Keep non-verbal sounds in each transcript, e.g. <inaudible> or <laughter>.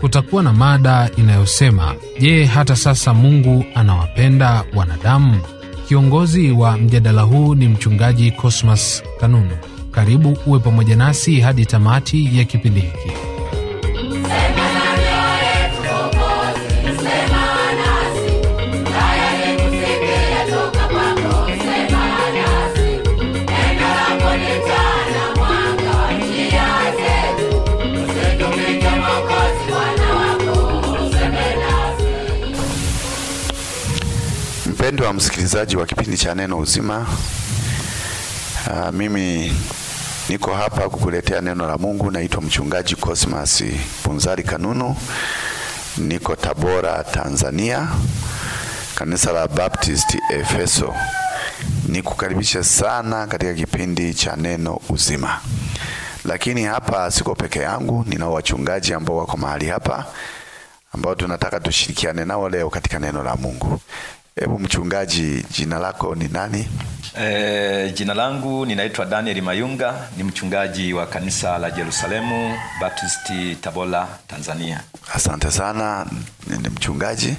kutakuwa na mada inayosema je, hata sasa Mungu anawapenda wanadamu? Kiongozi wa mjadala huu ni mchungaji Cosmas Kanunu. Karibu uwe pamoja nasi hadi tamati ya kipindi hiki. Mpendwa msikilizaji wa kipindi cha Neno Uzima, aa, ah, mimi niko hapa kukuletea neno la Mungu. Naitwa mchungaji Cosmas Punzari Kanunu, niko Tabora, Tanzania, kanisa la Baptist Efeso. Nikukaribisha sana katika kipindi cha Neno Uzima, lakini hapa siko peke yangu, ninao wachungaji ambao wako mahali hapa ambao tunataka tushirikiane nao leo katika neno la Mungu. Hebu mchungaji, jina lako ni nani? E, jina langu ninaitwa Daniel Mayunga, ni mchungaji wa kanisa la Yerusalemu Baptisti Tabola, Tanzania. Asante sana. Ni mchungaji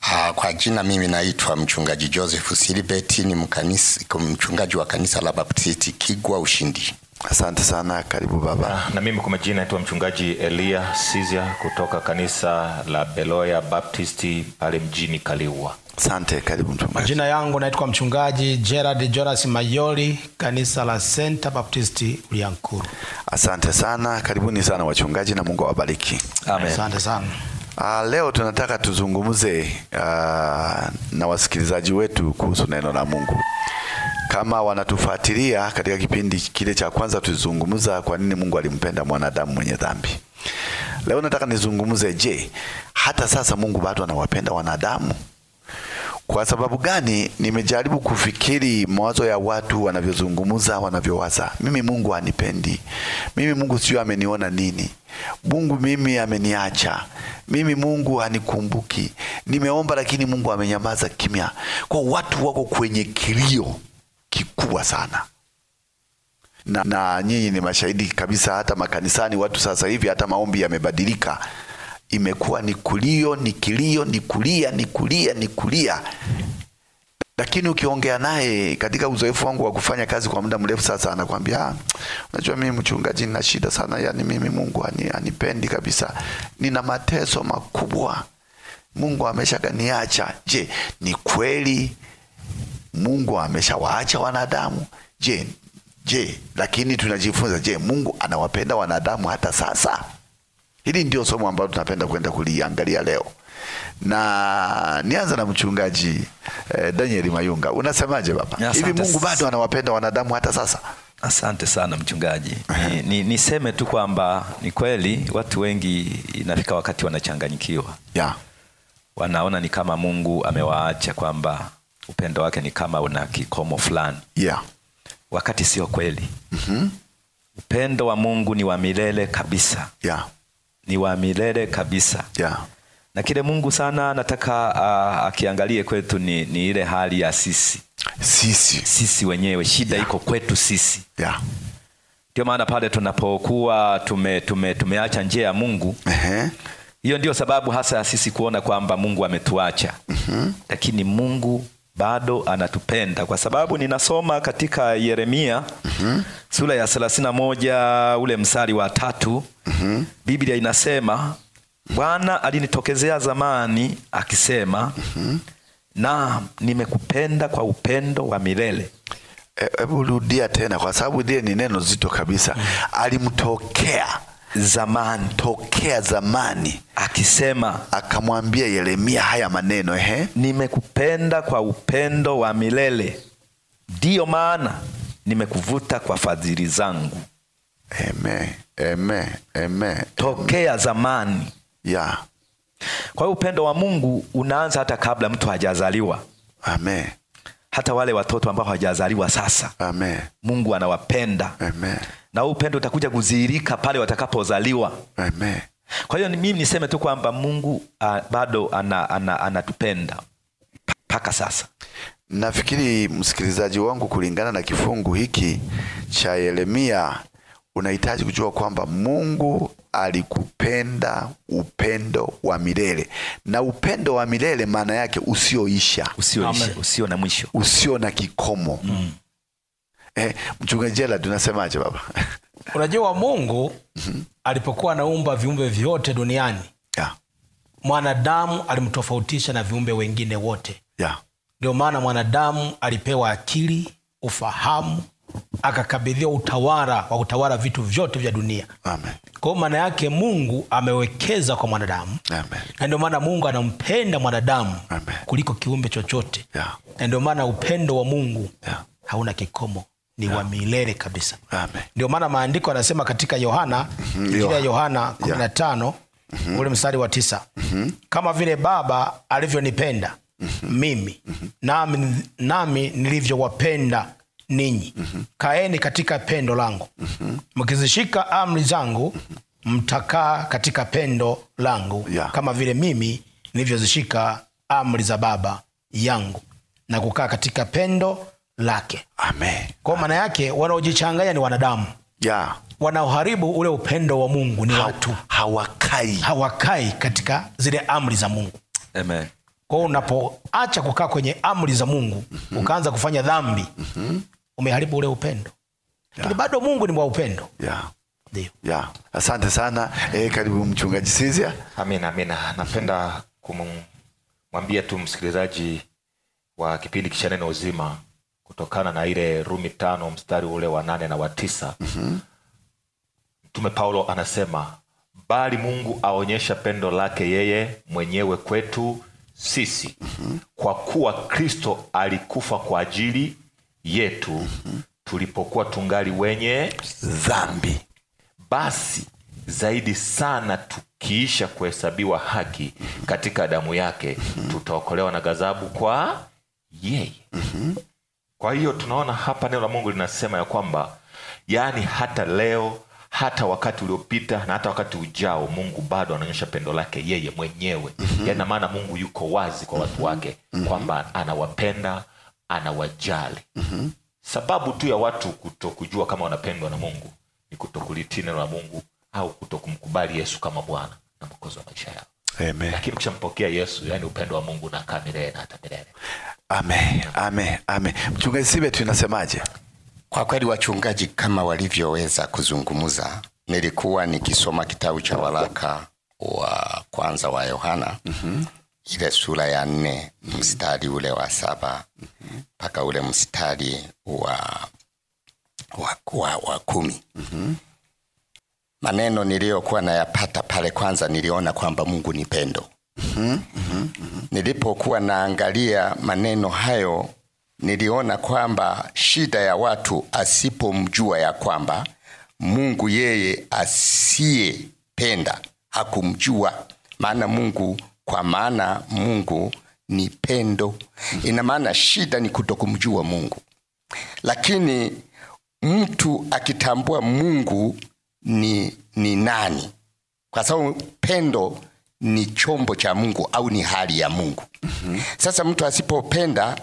ha, ah, kwa jina mimi naitwa mchungaji Joseph Silibeti, ni mkanisi, mchungaji wa kanisa la Baptisti Kigwa Ushindi. Asante sana, karibu baba. Na ah, na mimi kwa majina naitwa mchungaji Elia Sizia kutoka kanisa la Beloya Baptisti pale mjini Kaliwa. Asante, karibu mchungaji. Majina yangu naitwa mchungaji Gerard Jonas Mayoli, kanisa la Center Baptisti Uliankuru. Asante sana, karibuni sana wachungaji na Mungu awabariki. Amen. Asante sana. Uh, leo tunataka tuzungumze uh, na wasikilizaji wetu kuhusu neno la Mungu. Kama wanatufuatilia katika kipindi kile cha kwanza, tulizungumza kwa nini Mungu alimpenda mwanadamu mwenye dhambi. Leo nataka nizungumze, je, hata sasa Mungu bado anawapenda wanadamu? Kwa sababu gani? Nimejaribu kufikiri mawazo ya watu wanavyozungumza, wanavyowaza. Mimi Mungu anipendi mimi, Mungu sio ameniona nini, Mungu mimi ameniacha mimi, Mungu hanikumbuki, nimeomba lakini Mungu amenyamaza kimya. Kwa watu wako kwenye kilio kikubwa sana na, na nyinyi ni mashahidi kabisa. Hata makanisani watu sasa hivi hata maombi yamebadilika imekuwa ni kulio, ni kilio, ni kulia, ni kulia, ni kulia. Lakini ukiongea naye, katika uzoefu wangu wa kufanya kazi kwa muda mrefu sasa, anakwambia ah, unajua, mimi mchungaji, nina shida sana, yani mimi Mungu anipendi kabisa, nina mateso makubwa, Mungu ameshaganiacha. Je, ni kweli Mungu ameshawaacha wanadamu? Je, je, lakini tunajifunza, je, Mungu anawapenda wanadamu hata sasa? Hili ndio somo ambalo tunapenda kwenda kuliangalia leo, na nianza na mchungaji eh, Daniel Mayunga. Unasemaje baba, hivi Mungu bado anawapenda wanadamu hata sasa? Asante sana mchungaji. Eh. Ni, ni, niseme tu kwamba ni kweli watu wengi inafika wakati wanachanganyikiwa, yeah. Wanaona ni kama Mungu amewaacha kwamba upendo wake ni kama una kikomo fulani, yeah. Wakati sio kweli. mm -hmm. Upendo wa Mungu ni wa milele kabisa, yeah ni wa milele kabisa yeah. Na kile Mungu sana nataka uh, akiangalie kwetu ni, ni ile hali ya sisi sisi, sisi wenyewe shida yeah. iko kwetu sisi yeah. Ndio maana pale tunapokuwa tume, tume, tumeacha njia ya Mungu uh-huh. Hiyo ndio sababu hasa ya sisi kuona kwamba Mungu ametuacha uh-huh. Lakini Mungu bado anatupenda kwa sababu ninasoma katika Yeremia mm -hmm. sura ya thelathini na moja ule msari wa tatu mm -hmm. Biblia inasema Bwana alinitokezea zamani akisema mm -hmm. na nimekupenda kwa upendo wa milele. E, hebu rudia tena, kwa sababu ile ni neno zito kabisa. mm -hmm. Alimtokea zamani, tokea zamani, akisema akamwambia Yeremia haya maneno ehe, nimekupenda kwa upendo wa milele, ndiyo maana nimekuvuta kwa fadhili zangu. Amen, amen, amen. Tokea zamani ya Kwa hiyo upendo wa Mungu unaanza hata kabla mtu hajazaliwa. Amen. Hata wale watoto ambao hawajazaliwa sasa. Amen. Mungu anawapenda. Amen na huu upendo utakuja kudhihirika pale watakapozaliwa. Amen. Kwa hiyo mimi niseme tu kwamba Mungu a, ah, bado anatupenda ana, ana mpaka sasa. Nafikiri msikilizaji wangu, kulingana na kifungu hiki cha Yeremia, unahitaji kujua kwamba Mungu alikupenda upendo wa milele, na upendo wa milele maana yake usioisha, usio na mwisho, usio na kikomo mm eh, mchungaji jela tunasemaje baba? <laughs> Unajua Mungu mm-hmm. alipokuwa anaumba viumbe vyote duniani yeah. mwanadamu alimtofautisha na viumbe wengine wote yeah. Ndio maana mwanadamu alipewa akili, ufahamu, akakabidhiwa utawala wa kutawala vitu vyote vya dunia. Kwa hiyo maana yake Mungu amewekeza kwa mwanadamu Amen. na ndio maana Mungu anampenda mwanadamu Amen. kuliko kiumbe chochote yeah. na ndio maana upendo wa Mungu yeah. hauna kikomo ni wa milele kabisa. Ndio maana maandiko anasema katika Yohana ya mhm. Yohana 15 yeah. Mhm. ule mstari wa tisa mm-hmm. kama vile Baba alivyonipenda mm-hmm. mimi mm-hmm. nami, nami nilivyowapenda ninyi mm-hmm. kaeni katika pendo langu mhm. mkizishika mm-hmm. amri zangu mtakaa katika pendo langu yeah. kama vile mimi nilivyozishika amri za Baba yangu na kukaa katika pendo lake. Amen. Kwa maana yake wanaojichanganya ni wanadamu yeah. Wanaoharibu ule upendo wa Mungu ni ha watu hawakai, hawakai katika zile amri za Mungu. Amen. Kwa hiyo unapoacha kukaa kwenye amri za Mungu mm -hmm. ukaanza kufanya dhambi mm -hmm. umeharibu ule upendo lakini yeah. bado Mungu ni wa upendo yeah. Yeah. Asante sana e, karibu mchungaji Sizia. Amina, amina. Napenda kumwambia tu msikilizaji wa kipindi kisha neno uzima kutokana na ile Rumi tano mstari ule wa nane na wa tisa mtume mm -hmm. Paulo anasema bali Mungu aonyesha pendo lake yeye mwenyewe kwetu sisi mm -hmm. kwa kuwa Kristo alikufa kwa ajili yetu mm -hmm. tulipokuwa tungali wenye dhambi, basi zaidi sana tukiisha kuhesabiwa haki katika damu yake, mm -hmm. tutaokolewa na ghadhabu kwa yeye. mm -hmm. Kwa hiyo tunaona hapa neno la Mungu linasema ya kwamba yaani hata leo hata wakati uliopita na hata wakati ujao Mungu bado anaonyesha pendo lake yeye mwenyewe. mm -hmm. Yaani maana Mungu yuko wazi kwa watu wake mm -hmm. kwamba anawapenda, anawajali. mm -hmm. Sababu tu ya watu kutokujua kama wanapendwa na Mungu ni kutokulitii neno la Mungu au kutokumkubali Yesu kama Bwana na Mwokozi wa maisha yao. Amen. Lakini ukishampokea Yesu, yani upendo wa Mungu unakaa milele na hata milele. Amen. Amen. Amen. Mchungaji Sibe, tunasemaje? Kwa kweli wachungaji kama walivyoweza kuzungumza, nilikuwa nikisoma kitabu cha waraka wa kwanza wa Yohana mm -hmm. ile sura ya nne mm -hmm. mstari ule wa saba mhm. mpaka mm -hmm. ule mstari wa, wa, wa, wa kumi mm -hmm maneno niliyokuwa nayapata pale, kwanza niliona kwamba Mungu ni pendo. mm-hmm, mm-hmm. Nilipokuwa naangalia maneno hayo niliona kwamba shida ya watu asipomjua ya kwamba Mungu yeye asiyependa hakumjua, maana Mungu kwa maana Mungu ni pendo. Mhm. Ina maana shida ni kutokumjua Mungu, lakini mtu akitambua Mungu ni, ni nani, kwa sababu pendo ni chombo cha Mungu au ni hali ya Mungu. mm -hmm. Sasa mtu asipopenda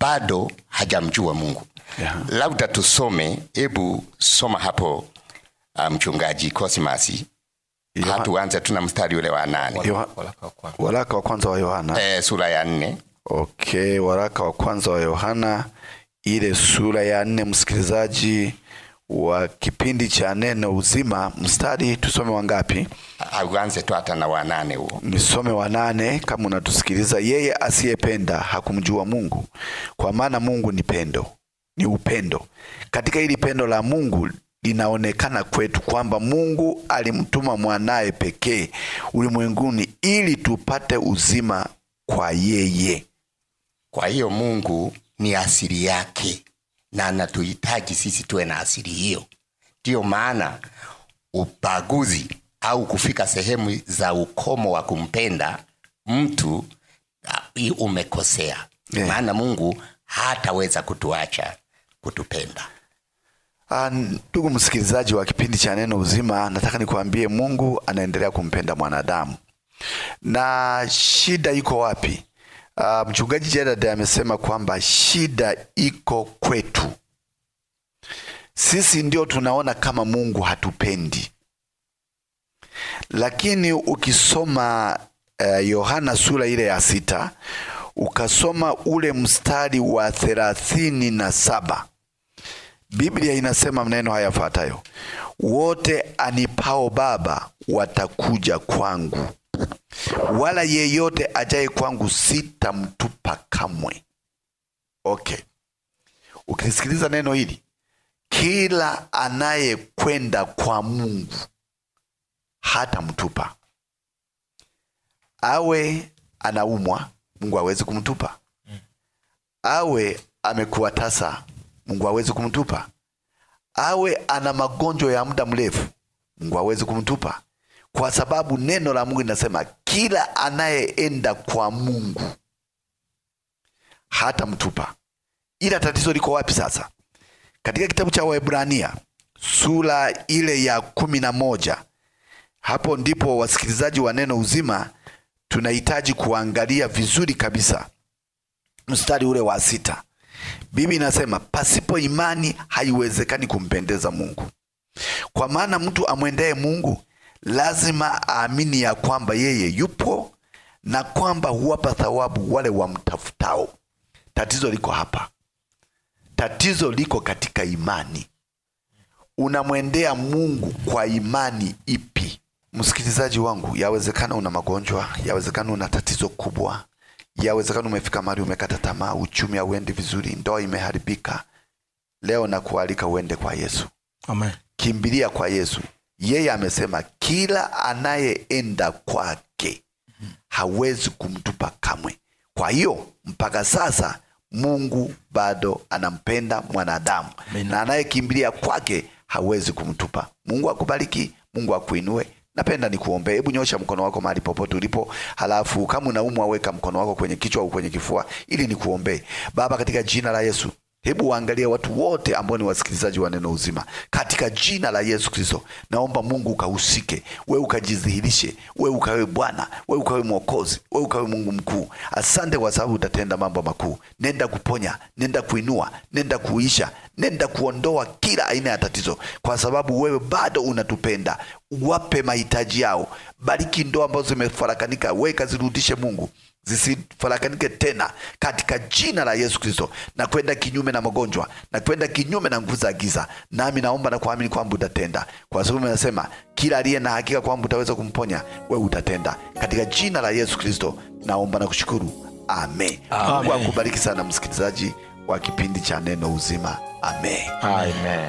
bado hajamjua Mungu. yeah. Labda tusome, hebu soma hapo uh, mchungaji um, Kosimasi hatuanze, tuna mstari ule wa nane waraka wa kwanza wa Yohana e, sura ya nne. Okay, waraka wa kwanza wa Yohana ile sura ya nne, msikilizaji wa kipindi cha neno uzima, mstari tusome wangapi? Aanze tu hata na wanane huo, nisome wanane kama unatusikiliza. Yeye asiyependa hakumjua Mungu, kwa maana Mungu ni pendo, ni upendo. Katika hili pendo la Mungu linaonekana kwetu kwamba Mungu alimtuma mwanaye pekee ulimwenguni ili tupate uzima kwa yeye. Kwa hiyo Mungu ni asili yake na anatuhitaji sisi tuwe na asili hiyo. Ndiyo maana ubaguzi au kufika sehemu za ukomo wa kumpenda mtu ah, umekosea, yeah. Maana Mungu hataweza kutuacha kutupenda. Ah, ndugu msikilizaji wa kipindi cha Neno Uzima, nataka nikuambie Mungu anaendelea kumpenda mwanadamu, na shida iko wapi? Uh, mchungaji Gerald amesema kwamba shida iko kwetu sisi, ndio tunaona kama Mungu hatupendi, lakini ukisoma eh, Yohana uh, sura ile ya sita ukasoma ule mstari wa thelathini na saba Biblia inasema maneno haya yafuatayo: wote anipao Baba watakuja kwangu wala yeyote ajaye kwangu sitamtupa kamwe. Okay, ukilisikiliza neno hili, kila anayekwenda kwa Mungu hatamtupa, awe anaumwa, Mungu hawezi kumtupa, awe amekuwa tasa, Mungu hawezi kumtupa, awe ana magonjwa ya muda mrefu, Mungu hawezi kumtupa kwa sababu neno la Mungu linasema kila anayeenda kwa Mungu hata mtupa. Ila tatizo liko wapi sasa? Katika kitabu cha Waebrania sura ile ya kumi na moja hapo ndipo wasikilizaji wa neno uzima tunahitaji kuangalia vizuri kabisa mstari ule wa sita. Biblia inasema pasipo imani haiwezekani kumpendeza Mungu, kwa maana mtu amwendee Mungu lazima aamini ya kwamba yeye yupo na kwamba huwapa thawabu wale wamtafutao. Tatizo liko hapa, tatizo liko katika imani. Unamwendea Mungu kwa imani ipi? Msikilizaji wangu, yawezekana una magonjwa, yawezekana una tatizo kubwa, yawezekana umefika mahali umekata tamaa, uchumi hauendi vizuri, ndoa imeharibika. Leo nakualika uende kwa Yesu. Amen. Kimbilia kwa Yesu. Yeye amesema kila anayeenda kwake hawezi kumtupa kamwe. Kwa hiyo mpaka sasa Mungu bado anampenda mwanadamu na anayekimbilia kwake hawezi kumtupa. Mungu akubariki, Mungu akuinue. Napenda nikuombee. Hebu nyosha mkono wako mahali popote ulipo, halafu kama unaumwa, weka mkono wako kwenye kichwa au kwenye kifua ili nikuombee. Baba, katika jina la Yesu Hebu waangalie watu wote ambao ni wasikilizaji wa neno uzima, katika jina la Yesu Kristo. Naomba Mungu ukahusike, wewe ukajidhihirishe, wewe ukawe Bwana, wewe ukawe Mwokozi, wewe ukawe Mungu mkuu. Asante kwa sababu utatenda mambo makuu. Nenda kuponya, nenda kuinua, nenda kuisha, nenda kuondoa kila aina ya tatizo, kwa sababu wewe bado unatupenda. Wape mahitaji yao, bariki ndoa ambazo zimefarakanika, weka zirudishe Mungu zisifarakanike tena katika jina la Yesu Kristo, na kwenda kinyume na magonjwa na kwenda kinyume na nguvu za giza. Nami naomba na kuamini kwamba utatenda, kwa sababu nasema kila aliye na hakika kwamba utaweza kumponya wewe, utatenda katika jina la Yesu Kristo. Naomba na kushukuru, amen. Mungu akubariki sana msikilizaji wa kipindi cha Neno Uzima, amen, amen.